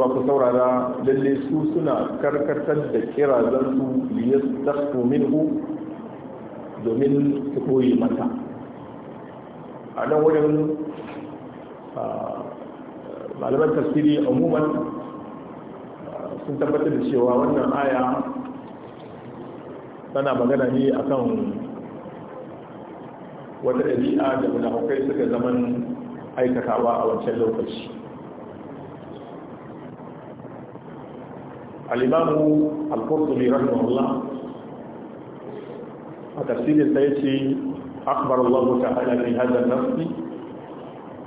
to ku saurara lalle su suna karkatar da zan su liyastakhfu minhu domin su koyi mata a nan wurin malaman tafsiri umuman sun tabbatar da cewa wannan aya tana magana ne akan wata ɗabi'a da munafukai suka zaman aikatawa a wancan lokaci الإمام القرطبي رحمه الله وتفسير سيأتي أخبر الله تعالى في هذا النص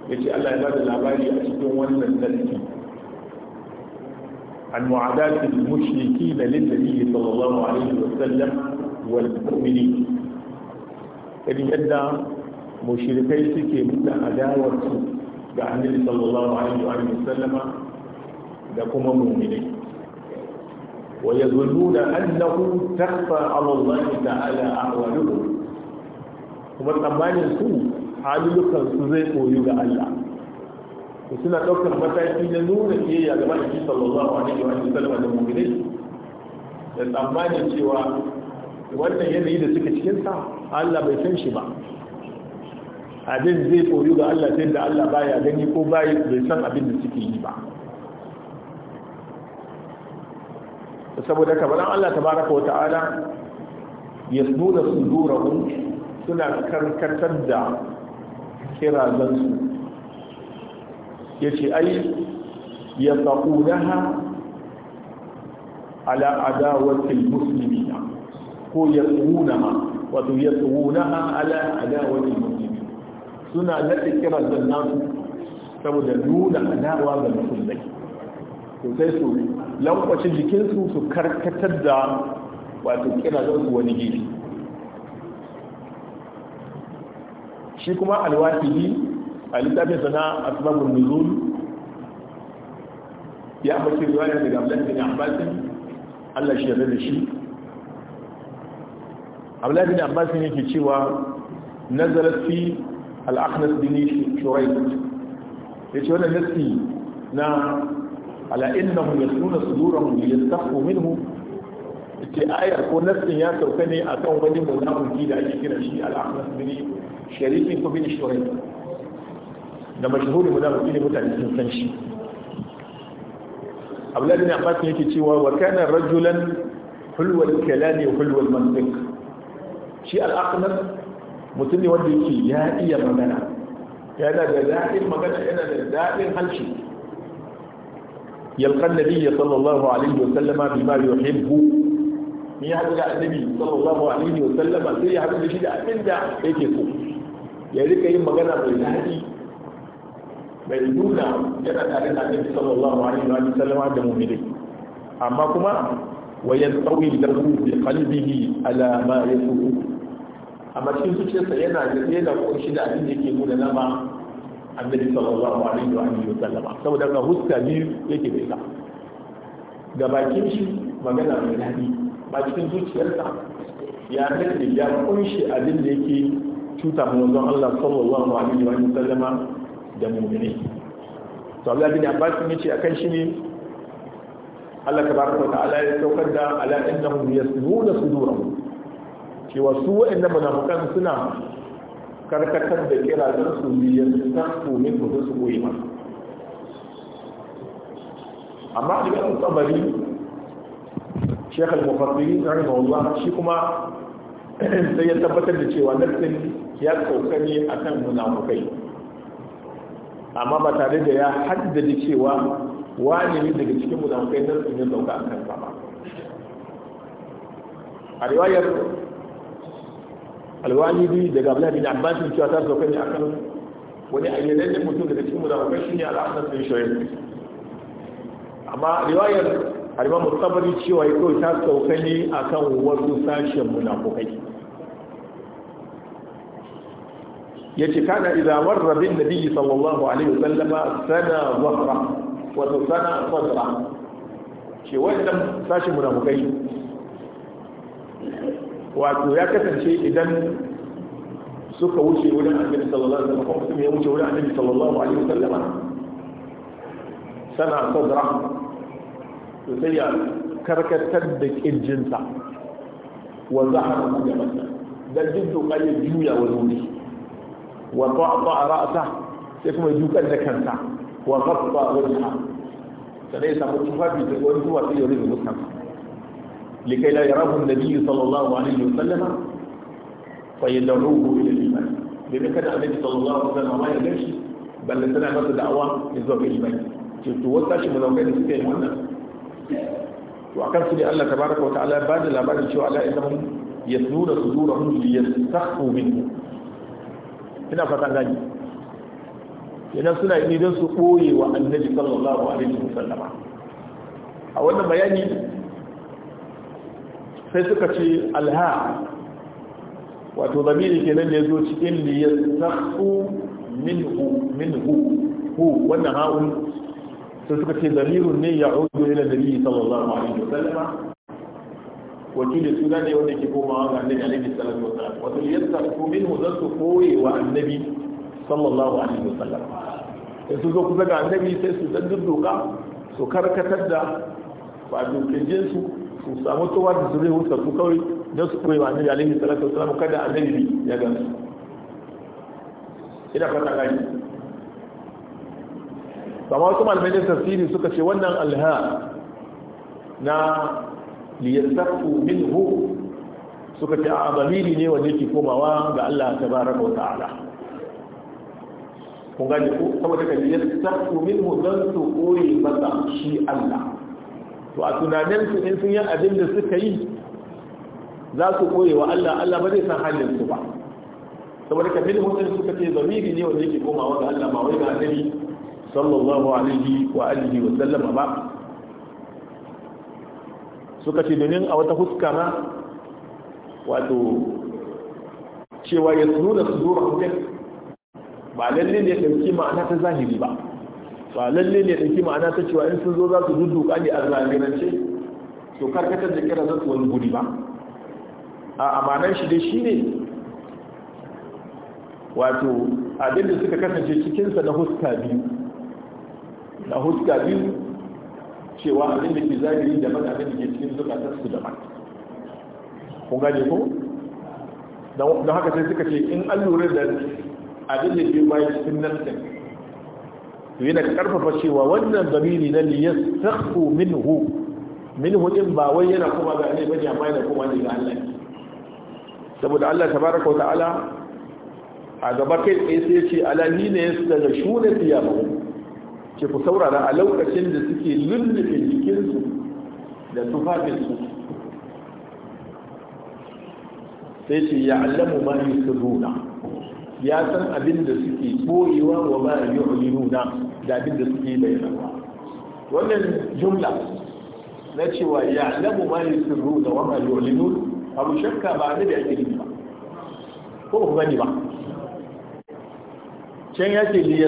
يأتي ألا يزال الأبالي أشكو ولا عن معاداة المشركين للنبي صلى الله عليه وسلم والمؤمنين يعني يدى مشركي سكي مثل أداوة النبي صلى الله عليه وسلم لكم المؤمنين ويظنون أنه تخفى على الله تعالى أعوالهم kuma tsammanin su halulukan su zai koyu ga Allah su suna ɗaukar mataki na nuna kiyayya ga mahaifi sallallahu alaihi wa sallam da mu'minai da tsammanin cewa wannan yanayi da suke cikin sa Allah bai san shi ba abin zai koyu ga Allah sai da Allah baya gani ko bai san abin da suke yi ba saboda kamar Allah tabaraka wata'ala yasduna sudurahum suna karkatar da kirazansu yace ai yafaqunaha ala adawatil muslimina ko yasunaha wato yasunaha ala adawatil muslimin suna nade kirazan nasu saboda nuna adawa ga musulmai to sai su lankwacin jikinsu su karkatar da wato kira su wani gefe shi kuma alwahidi a littafin sana asbabun nuzul ya ambaci riwaya daga Abdullahi bin Abbas Allah shi yarda da shi Abdullahi bin Abbas ne ke cewa nazarat fi al-akhnas bin shurayd yace wannan nasi na ala innahum yasuna sudurahum liyastaqu minhu ce ayar ko nassin ya sauka ne a kan wani munafiki da ake kira shi al-ahnas bin sharifin ko bin shurai da mashhuri munafiki ne mutane sun san shi Abdullahi bin Abbas ne yake cewa wa kana rajulan hulwal kalami hulwal mantiq shi al-ahnas mutum ne wanda yake ya iya magana yana da daɗin magana yana da daɗin halshi يلقى النبي صلى الله عليه وسلم بما يحب من يحب النبي صلى الله عليه وسلم سي يحب الشيء أبن دا يكيكو يلقى يما كان بالهدي mai duka yana tare da annabi alaihi wa sallam da mu'mini amma kuma wa yantawi lahu bi qalbihi ala ma yasuhu amma cikin zuciyarsa yana da yana da abin yake nuna nama annabi sallallahu alaihi wa alihi wasallama saboda ga huska biyu yake da ita ga bakin shi magana mai daɗi ba cikin zuciyarsa ya nake ya kunshi abin da yake cuta manzon Allah sallallahu alaihi wa sallama da mu'mini to Allah bin Abbas ne ce akan shi ne Allah tabaraka ta'ala ya saukar da ala innahum yasnuna sudurahum cewa su wa'annan munafikan suna karkatar da kira don su biyan ta tumi ku da su goyi masu amma idan tsabari na mafarfi rahimahullah shi kuma sai ya tabbatar da cewa nassin ya sauka a kan munafukai amma ba tare da ya haddada cewa wani ne daga cikin munafukai nassin ya sauka a kan ba a riwayar alwalidi daga abdullahi bin abbas cewa ta sauka ne akan wani ayyanannen mutum daga cikin munafikai shine al-ahnas bin shu'aib amma riwayar al-imam tabari cewa yake ta sauka ne akan wasu sashen munafikai yace kana idza marra bin nabi sallallahu alaihi wasallama sana zahra wa sana sadra ce wannan sashen munafikai wato ya kasance idan suka wuce wurin annabi sallallahu alaihi wasallam kuma ya wuce wurin annabi sallallahu alaihi wasallam sana sadra to sai ya karkatar da kirjinsa wa zahara mujamata dan duk doka ya juya wani wuri wa ta'ta ra'sa sai kuma ya dukar da kansa wa ghaffa wajha sai ya samu tufafi da wani zuwa sai ya rubuta kansa لكي لا يراه النبي صلى الله عليه وسلم فيدعوه إلى الإيمان لأن كان النبي صلى الله عليه وسلم ما يدعش بل لسنا مس دعوة يزوى بالإيمان شفت وساش من أولاد سكين وانا وأكان سيدي الله تبارك وتعالى بعد لا بعد شو على إنهم يثنون صدورهم ليستخفوا منه هنا فتنغني yana suna yi don su ɓoye wa annabi sallallahu alaihi wasallam a wannan bayani sai suka ce alha wato zamiri nan da ya zo cikin liyastafu minhu minhu hu wannan ha'un sai suka ce zamirun ne ya udu da nabi sallallahu alaihi wa wasallam wakili suna ne wanda ke komawa ga annabi alaihi salatu wasallam wato liyastafu minhu zan su koye wa annabi sallallahu alaihi wa sallam. sai su zo kusa ga annabi sai su duk doka su karkatar da wato kirjinsu su samu kowa da zuriyar wuta ku kawai don su koyi wa annabi alihi salatu wasallam kada annabi ya gansu ina fata gani ma wasu malamai tafsiri suka ce wannan alha na liyasafu minhu suka ce a zamiri ne wanda yake komawa ga Allah ta tabaraka wa ta'ala kun gani ko saboda kan liyasafu minhu dan su koyi masa shi Allah to a tunaninsu in sun yi abin da suka yi za su koye wa Allah Allah ba zai san halin su ba saboda ka bin mutum suka ce zamiri ne wanda yake komawa wa Allah ba wai ga annabi sallallahu alaihi wa alihi wa sallama ba suka ce domin a wata huska na wato cewa ya tsuru da su zuwa mutum ba lalle ne ɗauki ma'ana ta zahiri ba ba lalle ne ɗauki ma'ana ta cewa in sun zo za su dudduka ƙani a zagirance to karkatar da kira za su wani guri ba a amanan shi dai shi ne wato abin da suka kasance cikinsa na huska biyu na huska biyu cewa abin da ke zagiri abin da ke cikin zukatarsu daban kun gane ko don haka sai suka ce in an lura da ke bayan cikin nan to yana karfafa cewa wannan zamiri na li yastakhfu minhu minhu din ba wai yana kuma ga ne bane amma yana kuma ne ga Allah saboda Allah tabaraka wa ta'ala a gaba kai tsaye sai ya ce ala ni ne yastaghshuna thiyabahum ce ku saurara a lokacin da suke lullufe jikinsu da su, sai ce ya allamu ma yi su nuna ya san abin da suke boyewa wa ma nuna da abin da suke bayyana wannan jumla na cewa ya ya'lamu ma yusirruna wa ma yu'linun abu shakka ba ne da ake ba ko ba ku gani ba can ya ce ya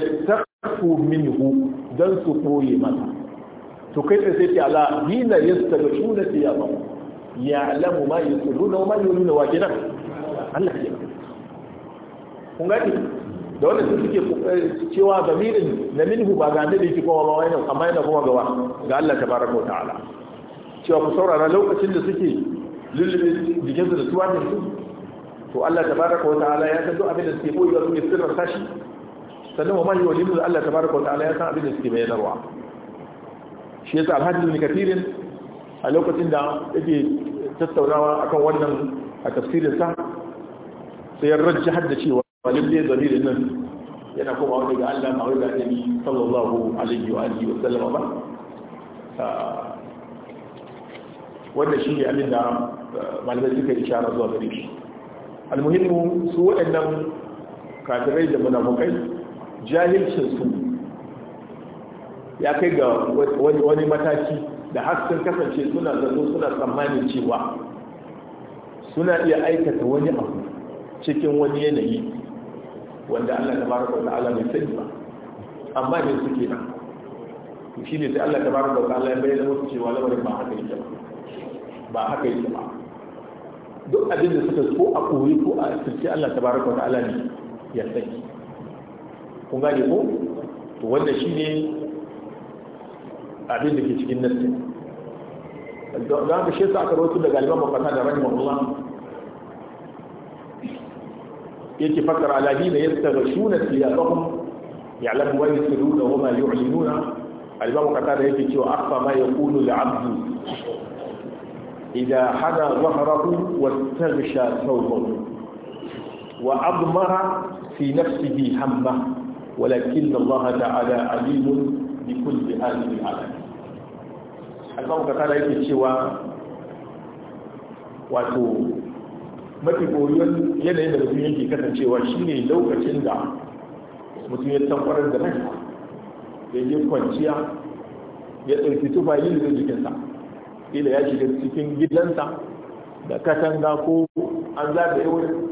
li min hu don su koye mata. to kai da sai ce ala hina yastabashuna Ya ya'lamu ma yusirruna wa ma nuna wa kenan kun gani da wanda su suke cewa minin na minhu ba ga da ki kowa ba ne amma yana kuma gawa ga Allah tabaraka wa ta'ala cewa ku saurara lokacin da suke lullube jikinsu da tuwatin su to Allah tabaraka wa ta'ala ya san duk abin da suke koyi da suke sirrin sashi sannan wa mahi wa limu Allah tabaraka wa ta'ala ya san abin da suke bayyanarwa shi yasa alhaji ne kathirin a lokacin da yake tattaunawa akan wannan a tafsirin sa sai ya rajja hadda cewa falin ne zamirin nan yana kuma wani ga Allah ma'awai ga annabi sallallahu alaihi wa alihi wa sallama ba ah, wanda shi ne abin da ah, malamai suka yi shara zuwa gare shi almuhimmu su waɗannan kafirai da munafukai jahilcin su ya kai ga wani mataki da har sun kasance suna zato suna tsammanin cewa suna iya aikata wani abu cikin wani yanayi wanda Allah tabaraka ta'ala bai sani ba amma ne suke nan shi ne sai Allah tabaraka ta'ala ya bayyana musu cewa lamarin ba haka yake ba ba haka yake ba duk abin da suka ko a koyi ko a asirce Allah tabaraka ta'ala ne ya sani kun gane ko to shi shine abin da ke cikin nassin da ga shi sa aka rawaito da galiban mafata da rahimahullah يجي فكر على الذين يستغشون ثيابهم يعلموا ما يسرون وما يعلنون الباب قتال يجي شو اخفى ما يقول العبد اذا حدا ظهره واستغشى ثوبه واضمر في نفسه همه ولكن الله تعالى عليم بكل هذه العالم الباب قتال يجي شو واتو mafi koyon yanayin da mutum yake kasancewa shine lokacin da mutum ya tamfarar da nan da yin kwanciya ya ɗauki tufa yi da jikinsa ila ya shiga cikin gidansa da katanga ko an da wurin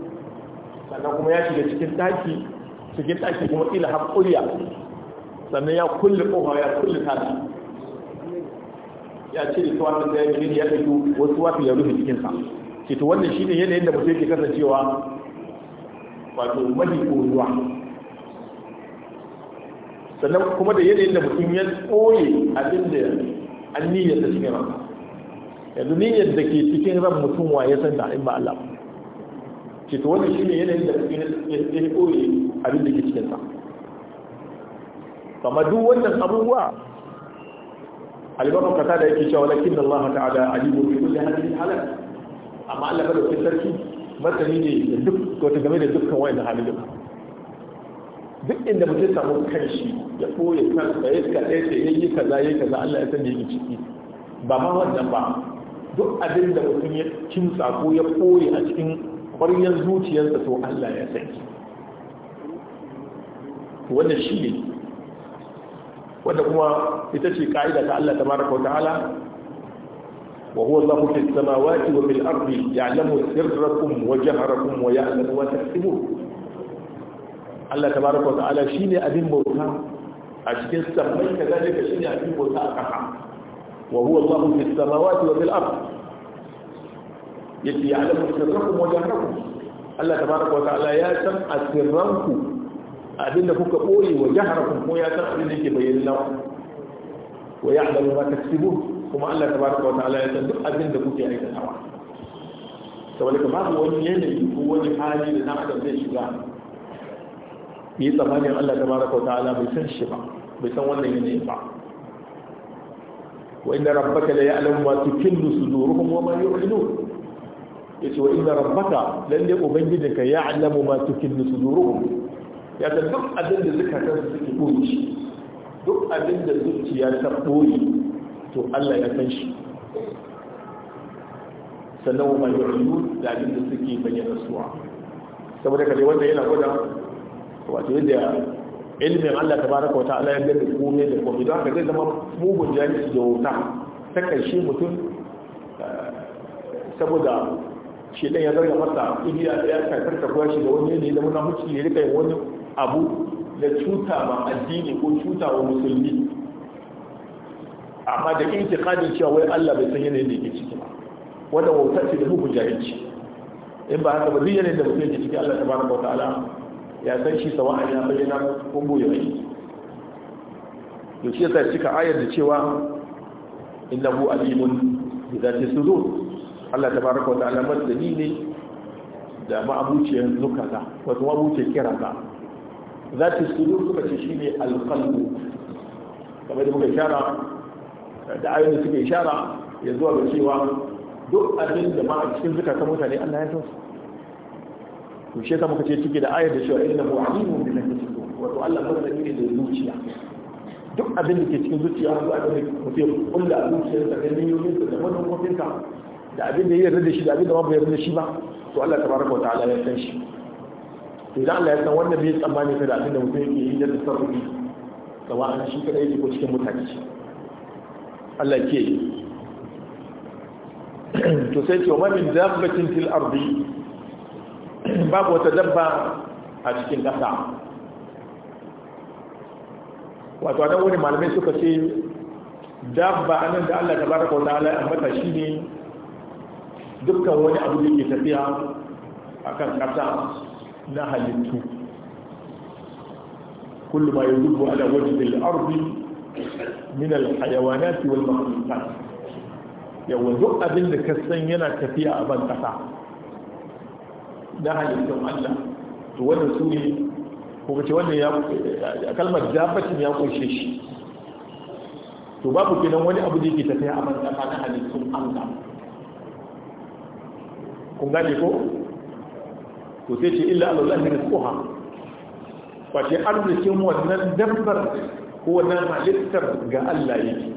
sannan kuma ya shiga cikin taki cikin taki kuma ila haƙuriya sannan ya kulle ƙofa ya kulle tada ya ce da tuwa da ya yi ya ɗauki wasu wafi ya rufe jikinsa ce to wannan shine yanayin da mutum yake kasancewa wato ko ruwa sannan kuma da yanayin da mutum ya tsoye abin da an niyyar da cikin ran yanzu niyyar da ke cikin ran mutum wa ya san da in ba Allah ce to wannan shine yanayin da mutum ya tsoye abin da ke cikin sa kama duk wannan abubuwa albabu kasa da yake cewa lakin Allah ta'ala alimu bi kulli hadhihi halal amma Allah ba da wani sarki masani ne da duk wata game da dukkan wani da halin duk inda mutum samu kanshi ya koya kan tsaye ka tsaye ya yi kaza ya yi kaza Allah ya sani yake ciki ba ma wannan ba duk abin da mutum ya kimsa ko ya koya a cikin ƙwaryar zuciyarsa to Allah ya sani wannan shi ne wanda kuma ita ce ka'ida ta Allah tabaraka wa ta'ala وهو الله في السماوات وفي الأرض يعلم سركم وجهركم ويعلم ما تكتبون الله تبارك وتعالى شيني أبين بوتا أشكين سمي كذلك شيني أبين بوتا أكحا وهو الله في السماوات وفي الأرض يجي يعلم سركم وجهركم الله تبارك وتعالى يا سم أسرنكم أبين لكم قولي وجهركم ويا سم أبين لكي بيلنا ويعلم ما تكسبون kuma Allah tabaraka wa ta'ala ya san duk abin da kuke aikatawa saboda ka babu wani yanayi ko wani hali da na adam zai shiga yi tsammanin Allah tabaraka wa ta'ala bai san shi ba bai san wannan yanayi ba wa inda rabbaka la ya'lamu ma tukinnu suduruhum wa ma yu'linun yace wa inda rabbaka lalle ubangijinka ya'lamu ma tukinnu suduruhum ya ta duk abin da zukatan su suke koyi duk abin da zuciya ta koyi to Allah ya san shi sannan wa mai yu'lun da abin da suke bayyana suwa saboda kaje wanda yana gwada wato yadda ilmin Allah tabaraka wa ta'ala ya ga da komai da komai don haka zai zama mugun jami'i da wuta ta karshe mutum eh, saboda shi dan ya zarga masa igiya ya karkar ta kuwa shi da wani ne da muna hukunci ne rika wani abu da cuta ba addini ko cuta wa musulmi amma da kadin cewa wai Allah bai san yanayin da yake ciki ba wanda wautar ce da hukun jahilci in ba haka ba zai yanayin da mutum yake ciki Allah tabaraka ta'ala ya san shi a yana bayyana ko ya yi to shi yasa cika ayar da cewa innahu alimun bi zati sudur Allah tabaraka ta'ala masani ne da ma'abuciyar zukata wato ma'abuciyar kirata zati sudur kuma ce ne alqalbu kamar da muka shara da ayoyin suke ishara ya zuwa ga cewa duk abin da ma a cikin zukatan mutane Allah ya san su to shi yasa muka ce cike da ayar da cewa inna mu'alimun bi nafsihi wato Allah ba zai ne da zuciya duk abin da ke cikin zuciya zuwa ga mutum kullu a zuciyarsa da niyoyinsa da manufofinsa da abin da ya yarda da shi da abin da ba ya yarda da shi ba to Allah tabaraka ta'ala ya san shi to idan Allah ya san wannan bai tsammani da abin da mutum yake yi da tasarrufi kawai an shi kadai yake ko cikin mutane Allah ke to sai ce wa min dabbatin fil ardi babu wata dabba a cikin ƙasa wato a wani malamai suka ce dabba anan da Allah tabaraka wa ta'ala an bata shine dukkan wani abu da ke tafiya akan ƙasa na halittu kullu ma yadubbu ala wajhi al-ardi min alhayawanati wal makhluqat yawa duk abin da ka san yana tafiya a ban kasa na halittun Allah to wannan su ne ko kace wannan ya kalmar dabbatin ya kunshe shi to babu kenan wani abu da yake tafiya a ban kasa na halittun Allah kun gane ko to sai ce illa Allah ne ko ha wace arzikin wannan dabbar ko wannan halittar ga Allah yake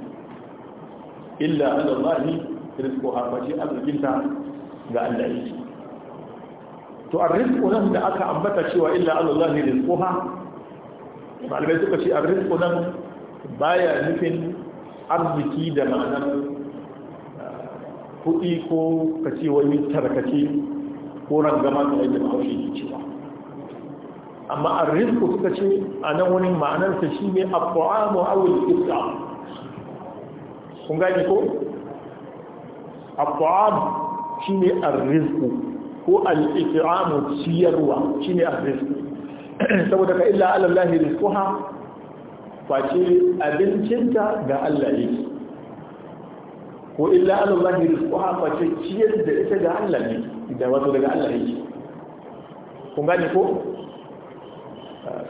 illa alallahi rizqu shi arzikinta ga Allah yake to arrizqu nan da aka ambata cewa illa alallahi rizquha malamai suka ce arrizqu nan baya nufin arziki da ma'anar kuɗi ko kace wani tarkace ko rangama da yake ba haushi cewa amma risku suka ce a nan wani ma'anarsa shi ne abu'amu awul islam kun gani ko? abu'am shi ne risku ko al'ifiramu ciyarwa shi ne risku saboda ka illa alallahi ha, face abincinta ga Allah yake ko illa alallahi ha face ciyar da ita ga Allah ne da wato daga Allah yake kun gani ko?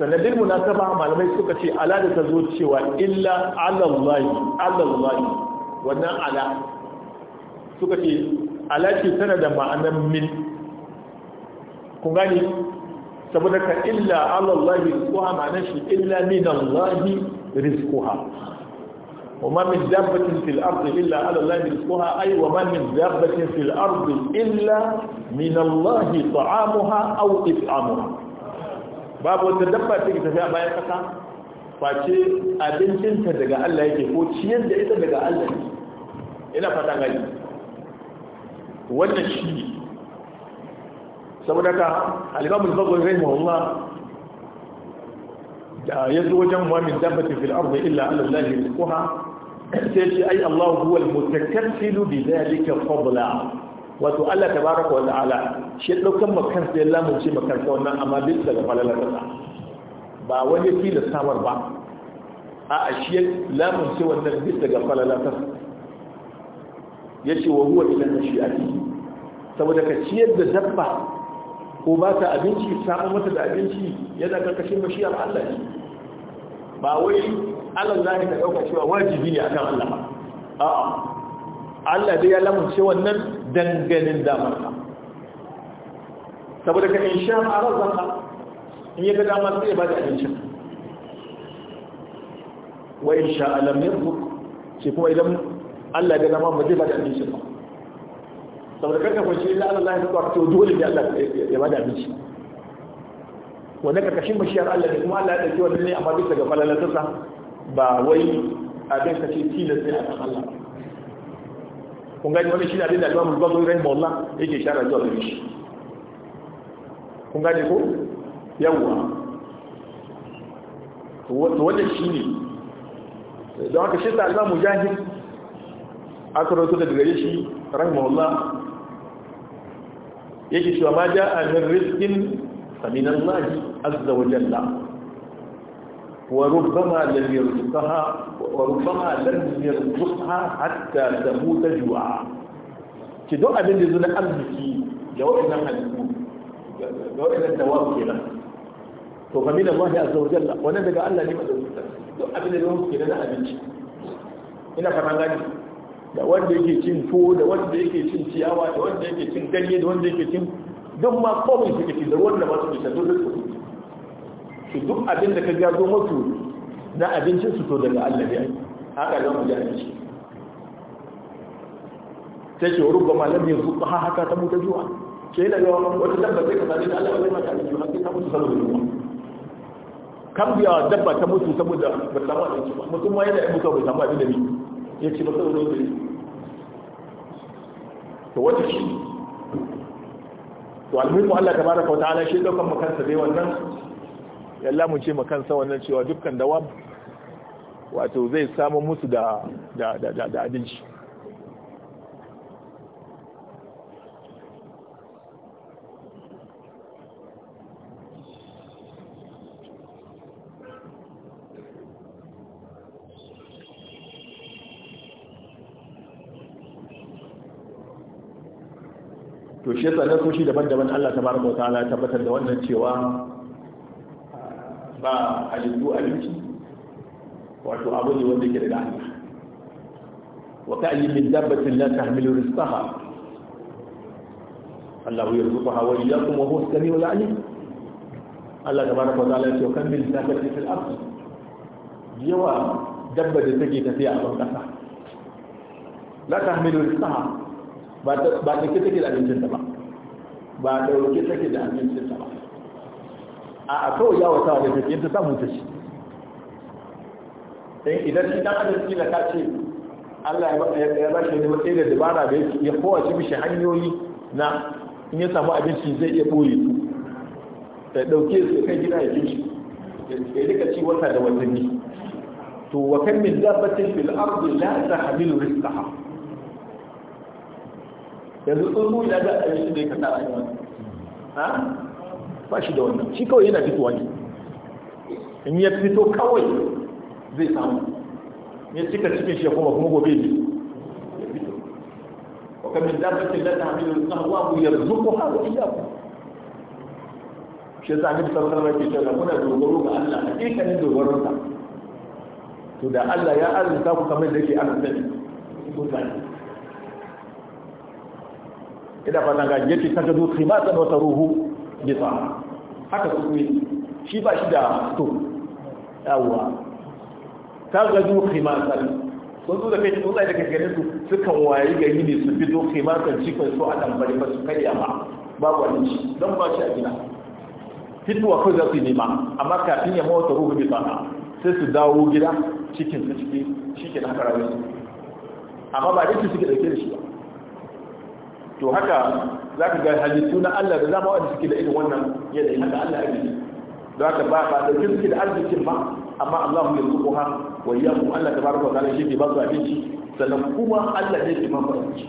sannan lil munasaba malamai suka ce ala da ta zo cewa illa alallahi alallahi wannan ala suka ce ala ce tana da ma'anar min kun gani saboda ka illa alallahi rizquha ma'anar shi illa min allahi rizquha وما من دابة في الأرض إلا على الله رزقها أي وما من دابة في الأرض إلا من الله طعامها أو إطعامها babu wata dabba take tafiya bayan ƙasa face abincinta daga Allah yake ko ciyar da ita daga Allah ne ina fata gani wannan shi saboda ka alimamul bagon rai mahimma da ya zo wajen mamin dabbatin fil arzi illa alallahi rizquha sai ce ai Allah huwa al-mutakaffilu bi dhalika fadla wato Allah ta tabaraka wa ta'ala shi ɗaukan makan sai lamunce makan sa wannan amma duk daga falalarsa ba wani fi da samar ba a ashe lamunce wannan duk daga ya yace wa huwa ila nashiati saboda ka ciyar da dabba ko ba ta abinci samu mata da abinci yana karkashin a Allah ne ba wai Allah zai ka ɗauka cewa wajibi ne akan Allah ba a'a Allah dai ya lamunce wannan danganin ka saboda ka in sha a ka in yi ga damar sai ba da abincin wa in sha alam yanzu ce kuma idan Allah ga zama ba zai ba da abincin ba saboda kanka kwanci ila Allah ya zuwa to dole ne Allah ya ba da abincin wanda karkashin bashiyar Allah ne kuma Allah ya ɗauki wannan ne amma bisa ga falalatarsa ba wai abin ka ce tilas ne a kan Allah kun gani wani shi ne abin da alimamu gwagwai rai maula yake shara zuwa da shi kun gani ko yawwa to wannan shi ne don haka shi da alimamu jahil aka rasu da gare shi rai maula yake cewa ma ja'a min rizqin fa min Allah azza wa jalla وربما لم يرزقها وربما لم يرزقها حتى تموت جوعا كدو أبن ذو الأرزكي لو إن لو إن الدواب كده to fa min Allah azza wa wannan daga Allah ne madaukakin duk abin da yake kenan na abinci ina fara gani da wanda yake cin tuwo da wanda yake cin ciyawa da wanda yake cin ganye da wanda yake cin duk ma komai suke ci da wanda ba su bisa duk su to duk abin da ka ga zo mutu na abincin su to daga Allah ne haka da mu ji abinci sai ce rubba malam ne su ha haka ta mutu zuwa ke da yawa wata dabba sai ka da Allah wani mata abinci har sai ta mutu saboda zuwa. kan biya dabba ta mutu saboda ba ta samu abinci ba mutum ma yana mutu bai samu abin da ne ya ce ba saboda yunwa to wata shi to almuhimu Allah tabaraka wa ta'ala shi daukan makansa dai wannan yalla mu ce sa wannan cewa dukkan dawab wato zai samu musu da da da da abinci to shi yasa nasoshi daban-daban Allah tabaraka wa ta'ala tabbatar da wannan cewa ba halittu abinci wato abu ne wanda ke daga Allah wa ka yi min dabbatin la tahmilu rizqaha Allah yarzuquha wa iyyakum kuma huwa as-sami'ul 'alim Allah tabaraka wa ta'ala ya kan min dabbatin fil ardh yawa dabba da take tafiya a bankasa la tahmilu rizqaha ba ta ba ta take da abincin ta ba ba ta take da abincin ta ba a to ya wata da take ta samu ta shi sai idan ki dan adam kila ka ce Allah ya ba shi ne matsayi da dabara da ya kowace bishi hanyoyi na in ya samu abinci zai iya boye su ta dauke su kai gida ya kici ya rika ci wata da ne to wa kan min dabbatin fil ardi la tahmil rizqaha yanzu tsuntsu ya ga abinci da ya kasa a yi ha ba shi da wannan shi kawai yana fitowa ne in ya fito kawai zai samu ya cika cikin shi ya kuma kuma gobe ne ya fito wa kamin dabbatin da ta hamilu na wa mu yarzuku ha wa iyyaku shi ya yasa annabi sallallahu alaihi wasallam kuna dogaro ga Allah hakikanin dogaron sa to da Allah ya arzuta ku kamar da yake arzuta ne mutane ina fata ga yake kaga zo na wa ruhu. bisa haka su ne shi ba shi da to yawa ta gazu khimasar sun zo da kai sun da kai gare su sukan wayi gari ne su fito khimasar cikin su a tambari ba su kai amma ba babu wani shi don ba shi a gina fitowa kai za su yi nema amma kafin ya mawata ruhu bisa sai su dawo gida cikin su cikin shi ke na karawa amma ba dai su suke dauke da shi ba to haka za ka ga halittu na Allah da zama wanda suke da irin wannan yanayi haka Allah ya yi don haka ba ba da suke da arzikin ba amma Allah ya zuko ha wa yaku Allah tabaraka wa ta'ala shi ke ba su abinci sannan kuma Allah ne ke mafa abinci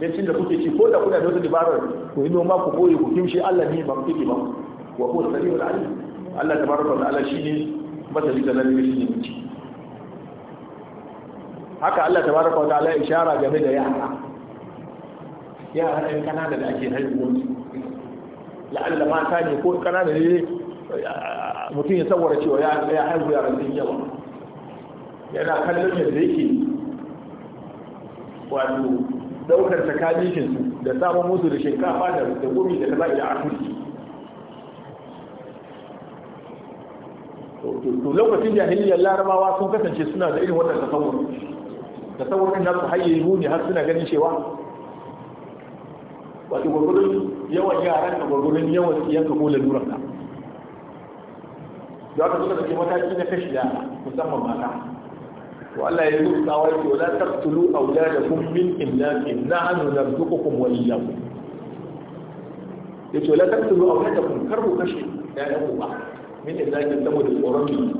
dan cin da kuke ci ko da kuna da wata dabarar ku yi noma ku koyi ku kimshi Allah ne ba ku kike ba wa huwa samiul alim Allah tabaraka wa ta'ala shine masali da nan shi ne haka Allah tabaraka wa ya ishara game da yara. yara ɗan kanada da ake haihuwarsu la'alla mata ne ko kanada ne mutum ya saboda cewa ya haihu yara sun yawa yana kallon yadda yake wato daukar tsakanin da samun musu da shinkafa da gumi da kaza da afirki to lokacin jahiliyar larabawa sun kasance suna da irin wannan tasawur tasawurin nasu hayyayi ne har suna ganin cewa wato gurgurun yawan yaran da gurgurun yawan yanka ko laluran ka da ka suka suke mataki na kashi yara musamman mata to Allah ya yi tsawa yake wala taqtulu awladakum min imlaqin nahnu narzuqukum wa iyyakum yace wala taqtulu awladakum karbu kashi ya dan uba min imlaqin saboda tsoron mu,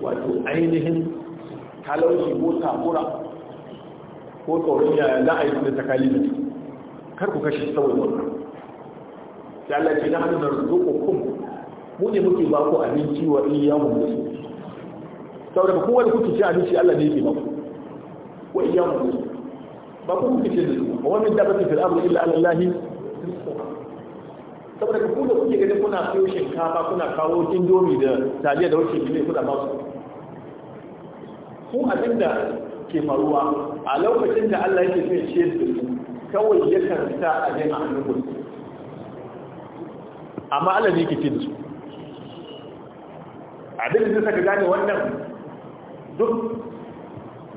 wato ainihin talauci ko takura ko tsoron ya za a yi da takalifin kar ku kashe saboda wannan da Allah ce na hannun narzuqukum mu ne muke ba ku abinci wa iyyakum da su saboda kowa da kuke ci abinci Allah ne yake ba wa iyamu da su ba ku kuke ci da su ba wannan da ba ku fil amri illa Allah saboda ku da kuke ganin kuna siyo shinkafa kuna kawo indomi da taliya da wuce gine kuna ba su ku abinda ke faruwa a lokacin da Allah yake son shi da su kawai ya karanta a jin annubun amma Allah ne yake ce su abin da saka gane wannan duk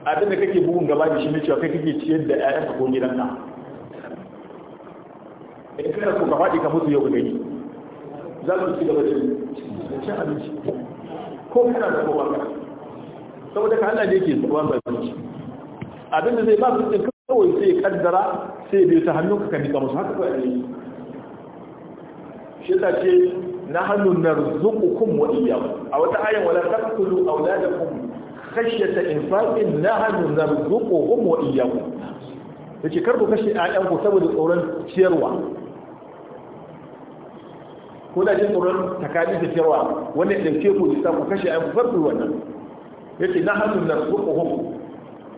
abin da kake bugun gaba da shi ne cewa kai kake ciyar da ƴaƴanka ko gidanka in kana so ka faɗi ka mutu yau ka gani za mu ci gaba da cin abinci ko kana da kowa ka saboda ka Allah ne yake zuwa ba abin da zai ba su kawai sai kaddara sai bai ta hannunka ka nika musu haka kawai ne shi ta ce na hannun na rizukukum wa iyaku a wata ayan wala taqtulu auladakum khashyata infaqin na hannun na rizukukum ku. iyaku yace kar ku kashe ƴaƴanku saboda tsoron ciyarwa ko da jin tsoron takali da ciyarwa wanda ya dauke ku da ku kashe ƴaƴanku farko wannan yace na hannun na rizukukum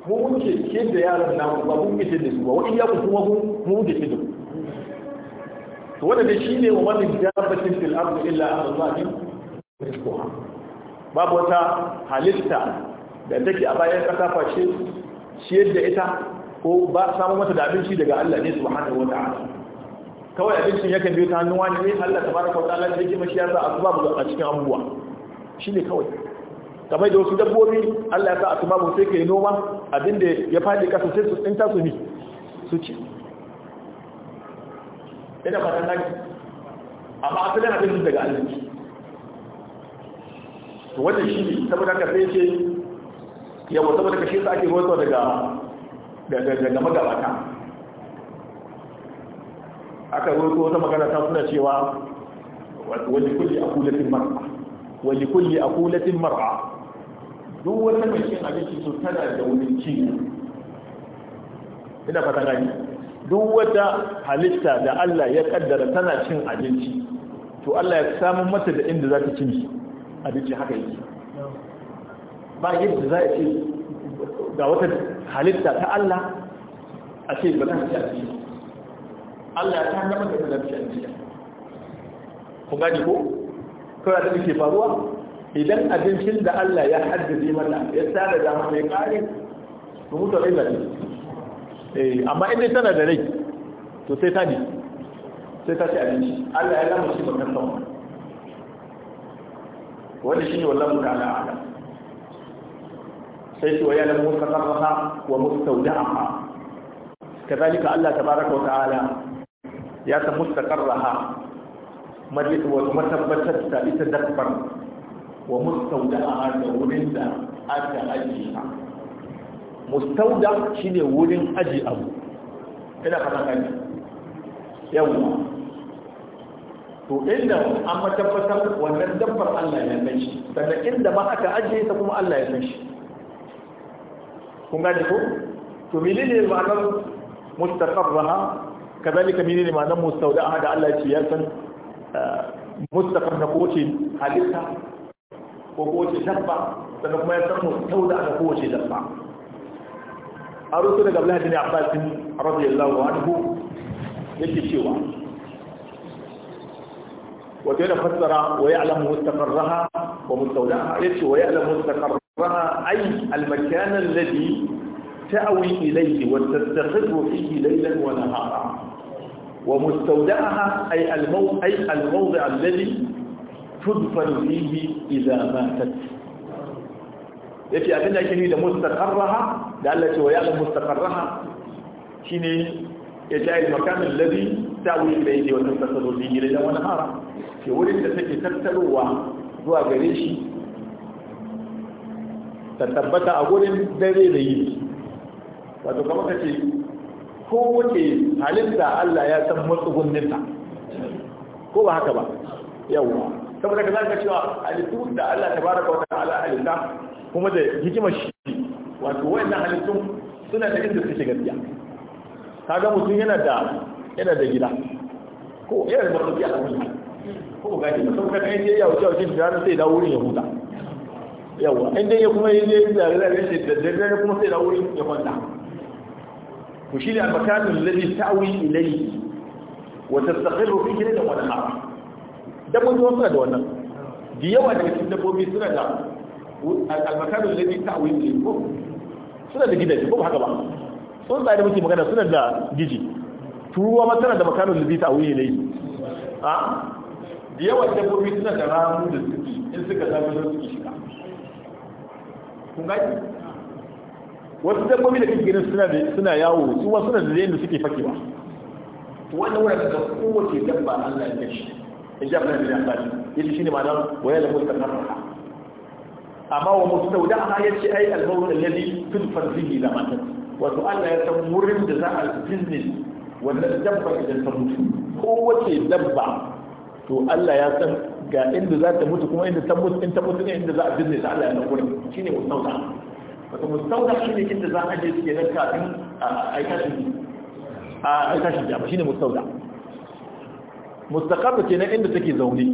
mu muke ke da yaran nan ba mun fice da su ba wani ya kuma mu muke ke da su to wanda dai shine wa man dabbatin fil ardi illa allahi rizquha babu wata halitta da take a bayan kasa face shi da ita ko ba samu mata da abinci daga Allah ne subhanahu wata'ala kawai abincin yakan biyo ta hannun wani ne Allah tabaraka ta'ala da yake mashi yasa asbabu a cikin abubuwa shine kawai kamar da wasu dabbobi Allah ya sa asbabu sai kai noma abinda ya faɗi ƙasa sai su ɗin su ne su ci ina A naki amma asalin abin daga allah su wajen shi ne saboda ka sai ce yawa saboda ka shi sa ake wata daga daga magabata aka rosa wata magana ta suna cewa wani kulle a kulatin mar'a duk wata mai cin abinci to tana da wani ci ina fata gani duk wata halitta da Allah ya kaddara tana cin abinci to Allah ya samu mata da inda za ta cin abinci haka yake ba yadda za a ce ga wata halitta ta Allah a ce ba za ta ci abinci Allah ya ta hanyar mata da abinci. ku gani ko kawai da ke faruwa idan abincin da Allah ya haddace mana ya tsara da mu ya kare to mu to ila eh amma in dai tana da rai to sai ta ni sai ta ci abinci Allah ya lamu shi bakan sama wanda shi ne wallahu ta'ala ala sai shi wa ya lamu mustaqarraha wa mustawda'aha kadhalika Allah tabaaraka wa ta'ala ya ta mustaqarraha madid wa matabbatat ta ita dabbar wa mustawda'a da wurin da aka aji ta mustauda shine wurin aji abu ina fata kai yawa to inda an matabbatar wannan dabbar Allah ya san shi sannan inda ma aka aje ta kuma Allah ya san shi kun gane ko to menene ma'anar mustaqarraha kazalika menene ma'anar mustawda'a da Allah ya ce ya san eh, mustaqarra ko ce halitta ko kowace dabba daga kuma ya samu tauda ga kowace dabba a rusu daga Abdullahi bin Abbas radiyallahu anhu yake cewa wato yana fassara wa ya'lamu mustaqarraha wa mustawdaha yace wa ya'lamu mustaqarraha ay al-makan alladhi ta'wi ilayhi wa tastaqirru fihi laylan wa nahara wa mustawdaha ay al-mawdi' ay al-mawdi' alladhi tudfar fihi idza matat yace abin da ake da mustaqarraha da Allah ce wa ya'lam mustaqarraha shine ya ta yi makan alladhi ta'wi ilayhi wa tasalu bihi ila wa ke wurin da take tattarowa zuwa gare shi ta tabbata a wurin dare da yini wato kama ka ce ko wace halitta Allah ya san matsugunninta ko ba haka ba yawwa saboda ka zaka cewa halittu da Allah ta tabaraka wa ta'ala halitta kuma da hikimar shi wato wayannan halittun suna da inda suke gaskiya kaga mutum yana da yana da gida ko yana da mutum yana da gida ko ga shi mutum kan yaje ya wuce wuce da sai da wurin ya huta yawa inda ya kuma yaje da rarrabe shi da dare kuma sai da wurin ya kwanta to shi ne albakanul ladhi ta'wi ilayhi wa tastaqirru fihi lailan wa nahara dabbobi wasu suna da wannan da yawa daga cikin dabbobi suna da almakarun lalai ta wuyi ne ko suna da gidaje ko haka ba sun tsaye da muke magana suna da giji turuwa ma tana da makarun lalai ta wuyi ne a da yawa dabbobi suna da ramu da suke in suka zama da suke shiga kun gaji wasu dabbobi da kake ganin suna suna yawo su ma suna da yadda suke fakewa wannan wani da kowace dabba Allah ya shi in ji abin da ya sani yace shine ma'anar wa yalamu tafarraha amma wa mustawdaha yace ai al-mawdu alladhi tudfar fihi zamatan wato Allah ya san wurin da za'a a jinnin wannan dabba idan ta mutu ko wace dabba to Allah ya san ga inda za ta mutu kuma inda ta mutu in ta mutu ne inda za a binne ta Allah ya san wurin shine mustawda wato mustawda shine inda za a je shi? kenan kafin a shi a shi da shine mustawda mustaqarru kenan inda take zaune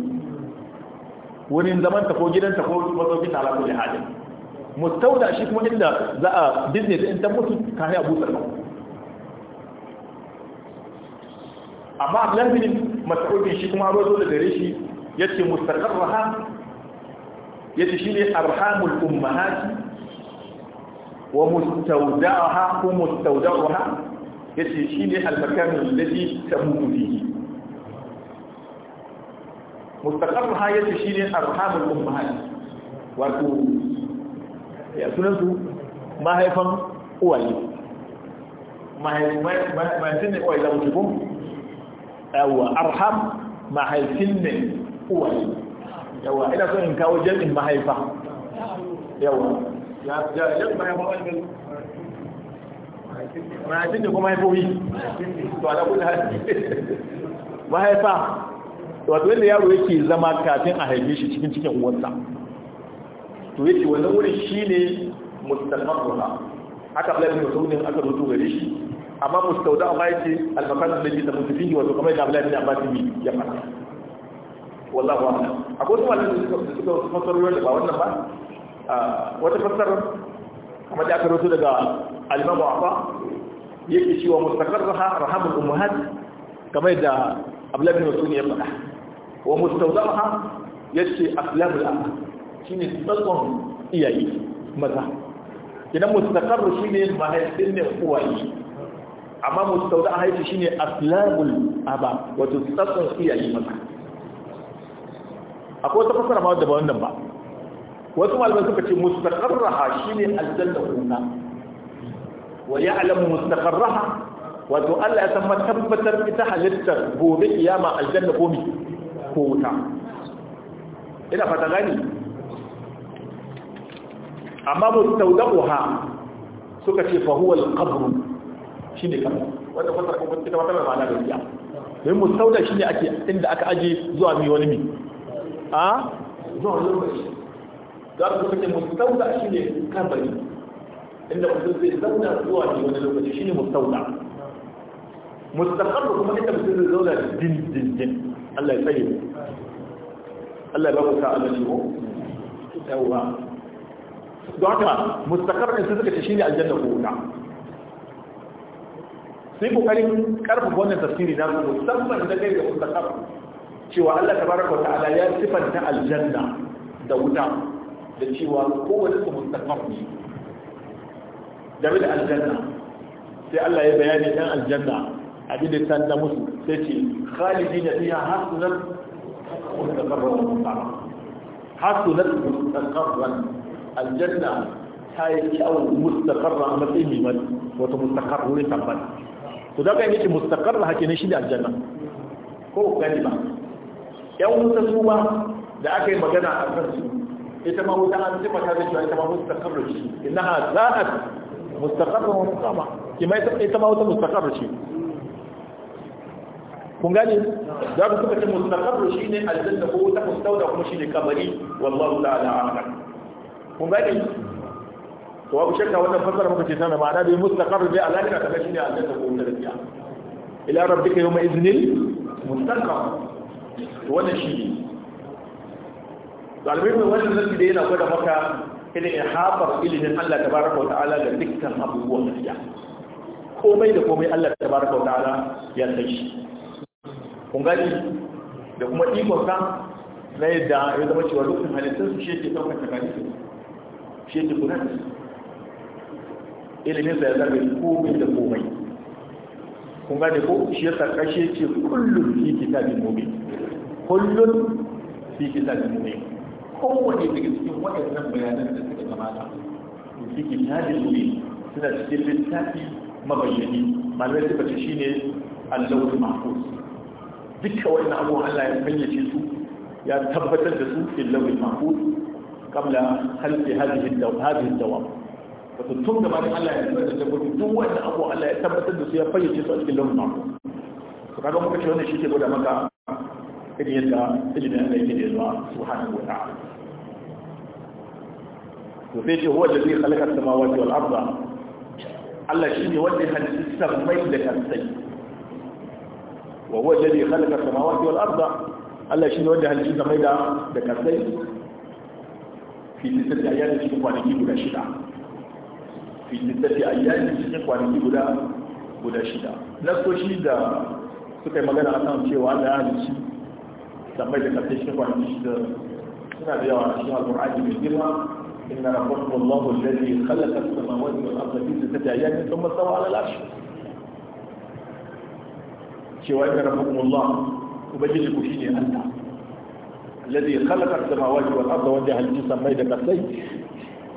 wurin zaman ta ko gidanta ko mazaukin ta da hajji mustauda shi kuma inda za a business in ta mutu ka haya busar ba amma abdullahi bin mas'ud shi kuma zo da gare shi yace mustaqarraha yace shine arhamul ummahat wa ha ko mustawda'uha yace shine al-makan alladhi tamutu fihi mustaqarru hayatu shine arhamul ummahat wato ya sunan su mahaifan uwaye mahaifin ne kawai zamu tuko yawa arham mahaifin ne uwaye yawa ina so in kawo jami'in mahaifa yawa ya ya mahaifa mahaifin ne kuma mahaifofi to ala kullu hal mahaifa wato yadda yaro yake zama kafin a haife shi cikin cikin uwarsa to yake wannan wurin shine aka haka Abdullahi mutum ne aka rubuto gare shi amma mustauda ma yake al da yake tamutu fihi wato kamar da Abdullahi bin Abbas ya fara wallahi a'lam akwai wasu malamin da suka fasara da ba wannan ba ah, wata fasara kuma da aka rubuto daga al-Imam Abu yake cewa mustaqarruha rahamul ummahat kamar da Abdullahi bin Mas'ud ya faɗa. wa mustawdaha yace aslabul amma shine tsakon iyaye maza idan mustaqarru shine mahaifin ne uwaye amma mustawdaha haifi shine aslabul aba wato tsakon iyaye maza akwai wata fasara ba wadda ba wannan ba wasu malamai suka ce mustaqarraha shine aljanna kunna wa ya'lamu mustaqarraha wato Allah ya san matabbatar ita halittar gobe iyama aljanna ko mi ko wuta ina fata gani amma ha suka ce fa huwa al-qabr shine kamar wanda fasara ko kuma wata ma'ana da riya domin mustawda shine ake inda aka aje zuwa mi wani mi a zuwa lokaci da ku kace mustawda shine kabari inda mutum zai zauna zuwa mi wani lokaci shine mustawda mustaqarr kuma inda mutum zai zauna din din din Allah ya tsaye Allah ya ba ku sa'a da shigo yawa don haka mustaqarrin su suka ce shine aljanna ko wuta sai kokarin karfafa wannan tafsiri na su musamman da kai da mustaqar cewa Allah tabaraka ta'ala ya sifanta aljanna da wuta da cewa kowanne su mustaqar ne game da aljanna sai Allah ya bayani dan aljanna abin da san da musu sai ce khalidi da fiya hasunan mustaqarran hasunan mustaqarran aljanna ta yi kyawun mustaqarran a matsayin liman wata mustaqarran wuri tabbat to da kai yake mustaqarran hake ne shi da aljanna ko gani ba yan wuta su ba da aka yi magana a kan su ita ma wuta an ji ta zai cewa ita ma mustaqarran shi innaha za'at mustaqarran wa muqama kima ita ma wuta mustaqarran shi kun gane za ku kuka ce mustaqarru shine aljanna ko ta mustawda kuma shine kabari wallahu ta'ala a'lam kun gane to abu shakka wannan fasara muka ce tana ma'ana dai mustaqarru dai alaka kaga shine aljanna ko ta rabiya ila rabbika yawma idhnil mustaqar to wannan shine galibai mai wannan zaki da yana gwada maka irin ihafar ilimin Allah tabaraka wa ta'ala da dukkan abubuwan gaskiya komai da komai Allah tabaraka wa ta'ala ya san kungali da kuma ikonsa na yadda ya zama cewa dukkan halittar su shi ke ɗaukar takalisu shi ke kuna da su ilimin sa ya zarga komai da komai kun gane ko shi ya sa kashe ce kullum fi kitabin nome kullum fi kitabin nome kowane daga cikin waɗannan bayanan da suka ta fi kitabin nome suna cikin littafi mabayyani malamai suka ce ne allahu mahfuz duka wannan abubuwan Allah ya fayyace su ya tabbatar da su fil lawil mahfuz qabla khalqi hadhihi hadhihi dawam wato tun da bayan Allah ya tabbatar da duk wannan abu Allah ya tabbatar da su ya fayyace su a cikin lawil mahfuz to kaga muka ce wannan shi ke gwada maka irin yadda ilimin Allah yake da zuwa subhanahu wa ta'ala to sai ce huwa allazi khalaqa as-samawati wal arda Allah shine wanda ya halitta sammai da kansai وهو الذي خلق السماوات والأرض ألا يشين وجه الشيطة ميدا دكاسي في ستة أيام يشين قواني بلا شدة في ستة أيام قال شنو يشين قواني بلا بلا شدة نفس الشيطة سكي قال أتان شيء وعلى قال الشيء سمي دكاسي شيء قواني بشدة هنا بيا شيء القرآن يمثلها إن ربكم الله الذي خلق السماوات والأرض في ستة أيام ثم استوى على الأرض cewa ya rahmatullah ubangiji ku shine Allah alladhi khalaqa as-samawati wal arda wa ja'ala al-samai da kasai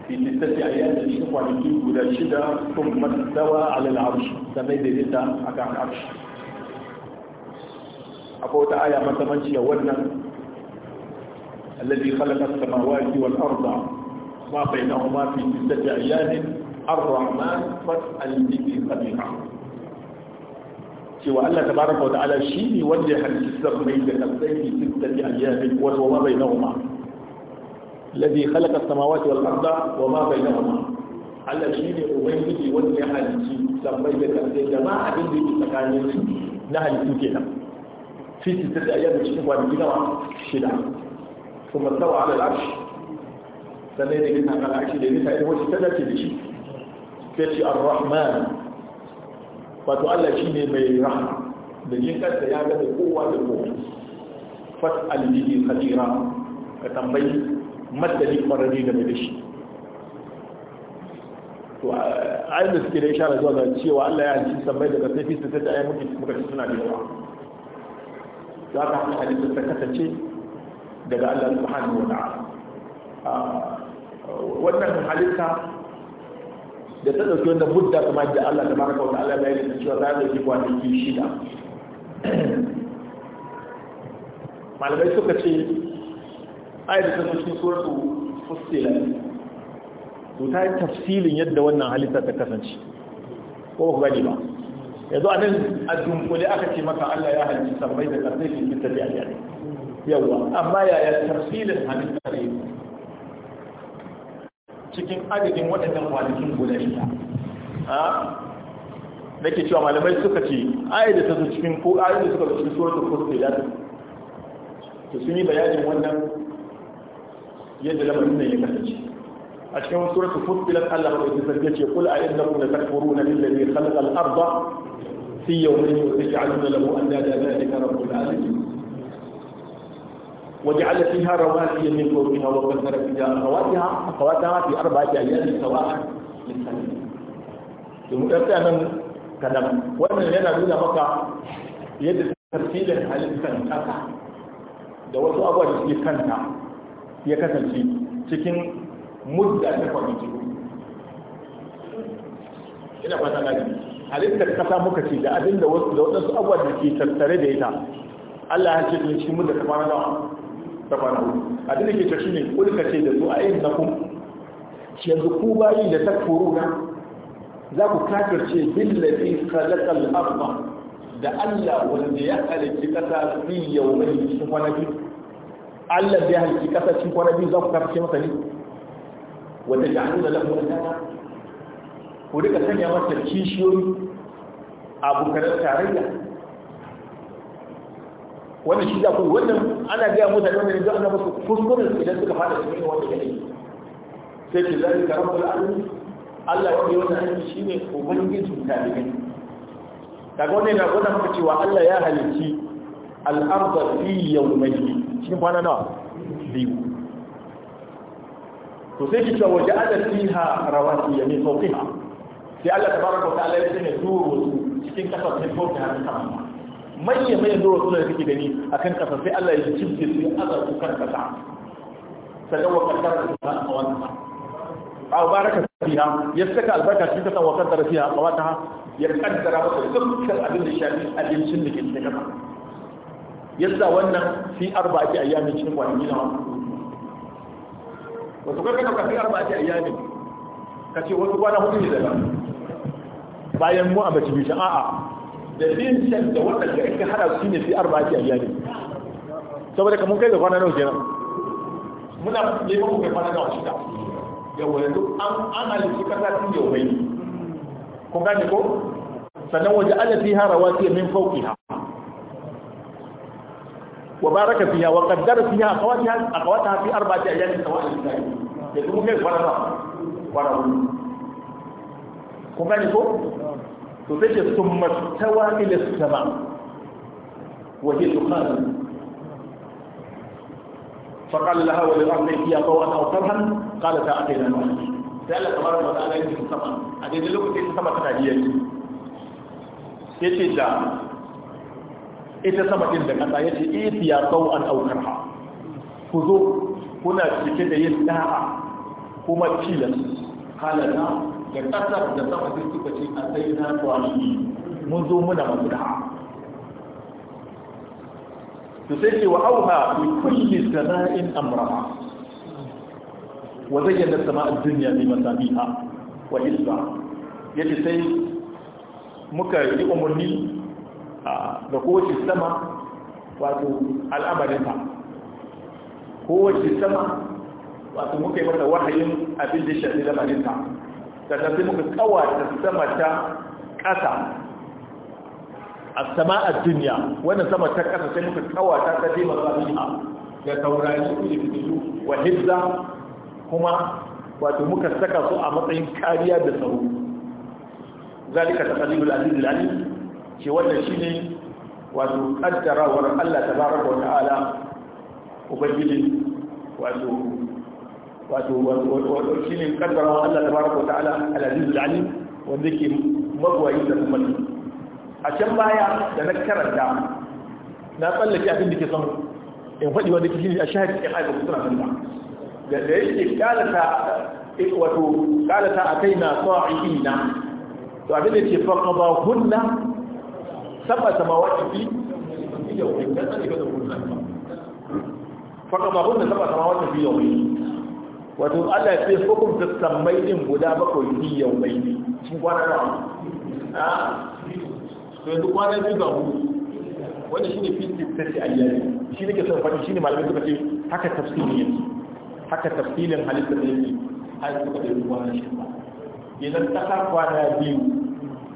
fi sittati ayatin shi kwanaki guda shida kuma tawa ala al-arsh samai da ita akan arsh akwai wata aya matsamanci da wannan الذي خلق السماوات والأرض ما بينهما في ستة أيام الرحمن فاسأل به خبيرا cewa Allah ta baraka wa ta'ala shi ne wanda ya halitta sammai da kasai da sittati ayyamin wa ma bainahuma الذي خلق السماوات والأرض وما بينهما Allah shi ne Ubangiji wanda ya halittu sammai da ƙarfe da ma abin da yake tsakanin su na halittu ke nan. Fi su ta tsaye da cikin kwanaki nawa shida. Kuma tsawa ala al'arshi. Sannan da nisa kan al'arshi da nisa ita wacce ta dace da shi. Sai ce Ar-Rahman wato Allah shi ne mai rahama da jin kanta ya ga kowa da kowa fas'al bihi khabira ka tambayi madali kwararri da mai shi to ayin da suke da da zuwa ga cewa Allah ya hanci sammai daga sai fista ta ayi muke muka ci suna da yawa za ka haka halittar ta kasance daga Allah subhanahu wa ta'ala wannan halitta da ta ɗauki wanda buddha kuma da Allah ta baraka wa ta'ala bayan da cewa za ta yi kwanaki shida malamai suka ce ayat da ta cikin suratu fustila to ta yi tafsilin yadda wannan halitta ta kasance ko ba ku gani ba yanzu a nan a dunkule aka ce maka Allah ya halicci sammai da ƙarfi da ta yawa amma yaya tafsilin halitta ne cikin adadin waɗannan kwanakin guda shida da ke cewa malamai suka ce ayyada ta su cikin ko ayyada suka cikin suratun kurkuri da su sun yi bayanin wannan yadda lamarin nan ya kasance a cikin suratul fussilat Allah ba ya sarke ce kula a inda ne na innakum la takfuruna billazi khalaqa al-ardha fi yawmin wa a lahu andada dhalika rabbul alamin وجعل فيها رواسي من فوقها وكثر فيها أخواتها أخواتها في أربعة أيام سواء للسنين ثم أبدأ من كلام وأنا لنا دون بقى يد تفصيل الإنسان أتى da wasu abuwa da suke kanta ya kasance cikin mudda ta kwanci ina fata na gani halittar kasa muka ce da abin da wasu da wasu abuwa da ke tattare da ita Allah ya ce cikin mudda ta kwana nawa ta kwana hudu abin da ke ta shi ne kulka ce da su a yin na kun yanzu ku bayi da ta takfuru na za ku kafirce billafi khalaqal arda da Allah wanda ya halicci kasa fi yawmin cikin kwana biyu Allah da ya halicci kasa cikin kwana biyu za ku kafirce masa ne wanda da ja'aluna lahu andada ku rika sanya masa kishiyoyi abokan tarayya wannan shi za ku wannan ana gaya musu da wannan ana musu kuskuren idan suka fada cikin wannan yanayi sai ki zai ka rabbul alamin Allah ya yi wannan aiki shine ubangiji da dake daga wannan na gwada maka cewa Allah ya halici al-ardh fi yawmayni cikin kwana nawa biyu to sai ki tawo ja'ala fiha rawasiya min fawqiha sai Allah tabaraka wa ta'ala ya sanya duwatsu cikin kasar ta fawqiha ta sama manya maye zuwa suna da kake gani kan kasa sai Allah ya cimce su yi aza su kan kasa sannan wa kaddara su a wannan a baraka fiha ya saka albarka cikin kasa wa kaddara fiha a wata ya kaddara masa dukkan abin da shafi abincin da ke cikin kasa yasa wannan fi arba'ati ayyamin cikin kwanaki na wasu kai kana fi arba'ati ayyamin kace wasu kwana hudu ne daga bayan mu a bace bisha a'a da bin shan da wannan da ake hada su ne fi arba ake ayyani saboda kamar kai da kwana nawa kenan muna neman mu kwana nawa shida yawa yanzu an an halitta kasa tun yau bai kun gane ko sannan waje ala fiha rawati min fawqiha wa baraka fiha wa qaddara fiha aqwatiha aqwataha fi arba'ati ayamin sawa'in da kuma kai kwana nawa kwana kun gane ko to sai ce sun mastawa ila sama waje dukkan فقال لها وللأرض هي طوعا أو كرها قالتا أتينا نوح ta Allah tabaraka wa ta'ala yake sama a daidai lokacin da sama tana iya yi yace da ita sama din da kasa yace itiya eh, qaw'an aw karha ku zo kuna cike da yin da'a kuma tilas halala da ƙasar da sama sai suka ce a sai na kwami mun zo muna masuda Su sai ce wa auha fi kulli sana'in amraha wa zayyana sama'a dunya bi masabiha wa ya ce sai muka yi umarni ga kowace sama wato al'amarinta kowace sama wato muka yi mata wahayin abin da shafi lamarinta sannan sai muka kawata sama ta ƙasa a sama a duniya wannan sama ta ƙasa sai muka kawata ta dima sabiha da taurari su ibisu wa hizza kuma wato muka saka su a matsayin kariya da tsaro zalika ta aziz al-alim ce wannan shi shine wato kaddarawar Allah Ta tabaraka wa ta'ala ubangiji wato wato wato shine kaddara wa Allah tabaraka ta'ala al-aziz al-alim wanda yake magwayi da kuma a can baya da na karanta na tsallake abin da ke son in faɗi wanda ke shine a shahadi in aika suna sanda da da yake kalata wato kalata akaina sa'ina to abin da ke faqaba hunna sab'a samawati fi yawmin kan da hunna faqaba hunna sab'a samawati fi yawmin wato Allah sai hukunta sammai din guda bakwai yi yau mai ne shi kwana na a to yanzu kwana biyu ga hudu wanda shine fi tsirrai ayyari shi nake son shi ne malamin suka ce haka tafsirin yake haka tafsirin halitta da yake har suka da kwana shi ba Idan ta kwana biyu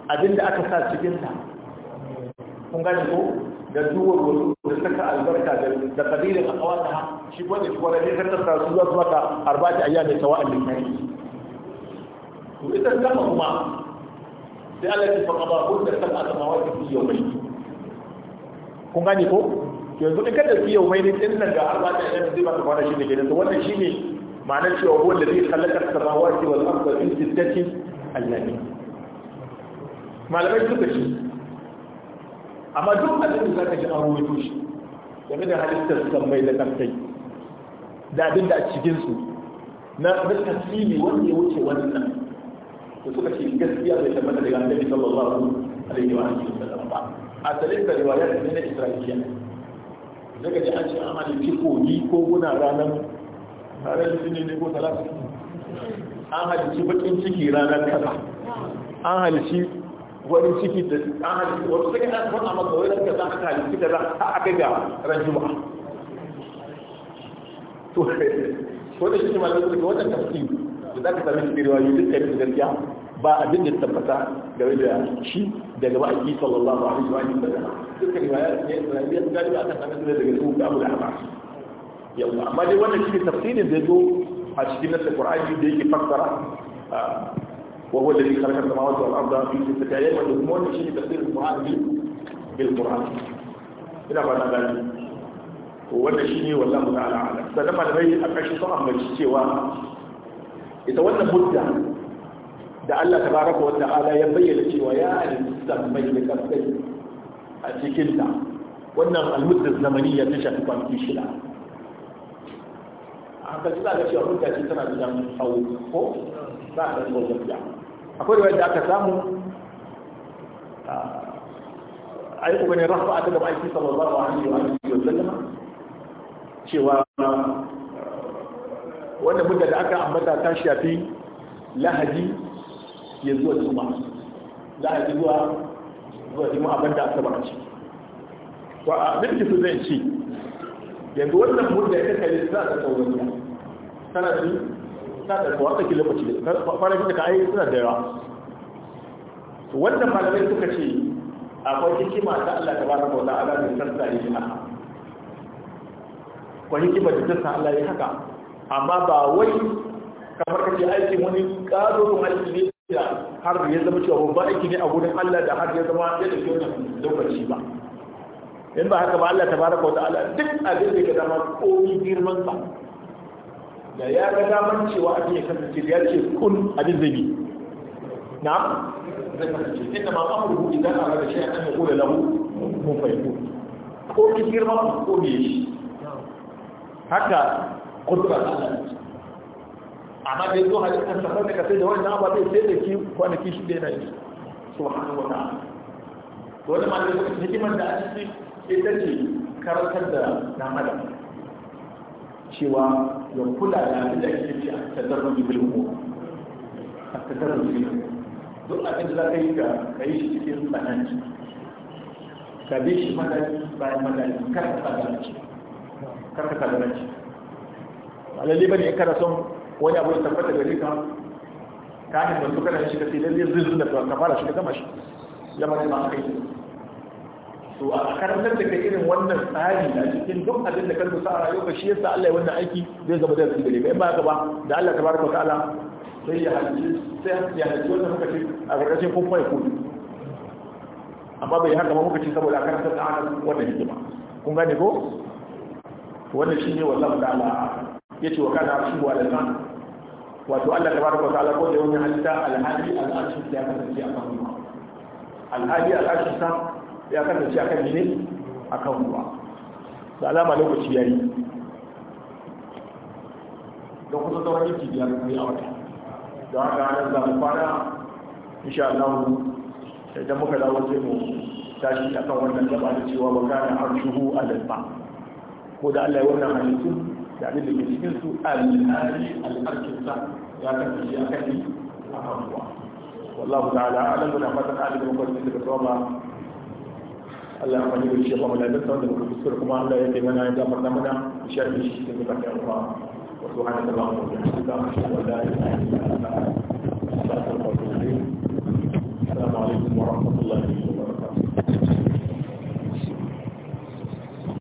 abinda aka sa cikin ta kun gane ko da duwar wasu da suka albarka da kadirin a kawata shi wanda shi wanda zai tattara su zuwa zuwa ta arba'ati ayyamin a lillahi to ita sama kuma sai Allah ya fa qada kullu sab'a samawati fi yawmayn kun gane ko yanzu in kada fi yawmayn din nan ga arba'ati ayyamin zai ba ta fara shi ne kenan to wannan shine ma'anar cewa huwa alladhi khalaqa as-samawati wal arda fi sittati ayyamin malamai suka ce amma duk da duk zaka ji an ruwaito shi game da halittar sammai da kantai da abin da a cikin su na tasiri wanda ya wuce wannan to suka ce gaskiya bai tabbata daga annabi sallallahu alaihi wa alihi wasallam ba asalin da riwaya ne na isra'iliya daga ji an ce an halitti kogi ko guna ranar ranan litinin ne ko talata an halici bakin ciki ranar kaza an halici wani ciki da an halittu wani sai an faɗa maka wani ka za ka halittu da za a aka ga ran juma'a to ko da shi ma da wannan tafsiri da za ka sami shi riwayoyi duk kai gaskiya ba abin da tabbata game da shi daga ba aiki sallallahu alaihi wa sallam duka riwaya ne Isra'iliya ta ga aka sami da daga su Abu Lahab yau amma dai wannan shi tafsirin da zo a cikin nasarar Qur'ani da yake fassara وهو الذي خلق السماوات والأرض في ستة أيام والمؤمن شيء تفسير القرآن بالقرآن إلى بعد ذلك wannan shi ne wallahu ta'ala ala sannan malamai a ƙarshe sun ambaci cewa ita wannan mudda da Allah ta baraka wa ta'ala ya bayyana cewa ya alisan mai da kafai a cikin ta wannan almudda zamaniya ta shafi kwanaki shida a haka suna ga cewa mudda ce tana da jan hau ko za a ɗan gaskiya akwai da wanda aka samu a yi ƙoƙarin rafa a ta gaba aiki a alaihi wa alihi wa sallama cewa wanda mudda da aka ambata ta shafi lahaji ya zuwa juma'a yi zuwa zuwa juma'a banda asabar ce wa abin da su zai ce yanzu wannan mudda ya kakari za ta ya tana su suna da kuwa tsaki lokaci kwanakin da ka ayi suna da yawa wannan malamai suka ce akwai hikima ta Allah ta baraka wa ta'ala mai sarta yi haka ko hikima da ta Allah ya haka amma ba wai kamar kace aikin wani karo aiki ne da har ya zama cewa babban aiki ne a gurin Allah da har ya zama ya da kyau lokaci ba in ba haka ba Allah ta tabaraka wa ta'ala duk abin da ya zama komai girman sa da ya ga damar cewa abin ya kasance ya ce kun abin zai bi na zai kasance inda ma amurku idan a rada shi a kan ya kula lahu mun fahimku ko ki girma ko ne shi haka kudura Allah amma dai zo halittar safar da kasai da wani na ba zai sai da ki kwanaki shi da yana yi subhanahu wa ta'ala wani ma da hikimar da a ciki ita ce karantar da dan adam cewa ya kula da abin da ake ce a tattarun jibil umur a tattarun jibil duk abin da za ka yi ka yi shi cikin tsananci ka bi shi madadi bayan madadi kar ka tsagaranci kar ka tsagaranci alalle bane in kana son wani abu ya tabbata gare ka ka hanyar da su kana shi ka sai lalle zuzun da ka fara shi ka gama shi ya mana ma kai to a karantar da kai irin wannan tsari a cikin duk abin da ka rusa a rayuwa shi yasa Allah ya wannan aiki zai zama da gare ka in ba haka ba da Allah tabaraka ta'ala sai ya haji sai ya haji wannan muka ce a gargashin kun ya yakun amma bai haka ba muka ce saboda karantar da Allah wannan hikima kun gane ko wannan shine wallahi ta'ala yace wa kana shi wa lalman wato Allah tabaraka wa ta'ala ko da yawan halitta al al'arshi ya kasance a kan al-hadi al sa ya kasance akan ne kan ruwa da alama lokaci ya yi don kusa sauran yanki biyar da kuma wata da haka hannun za mu kwana insha Allah idan muka dawo sai mu tashi kan wannan gaba da cewa ba kana a lalba ko da Allah ya wannan halittu da abin da ke cikin su al-ari al ta ya kasance a kan ruwa wallahu ta'ala alamu na fatan alimin kwanci daga ba. Allah ya amfani da shi ba mulai dukkan da muka fuskura kuma Allah ya taimana ya gafarta mana bishiyar da shi cikin zakar yan uwa wa subhanahu wa ta'ala wa bihamdihi wa la ilaha illa anta astaghfiruka wa atubu assalamu alaikum wa rahmatullahi wa barakatuh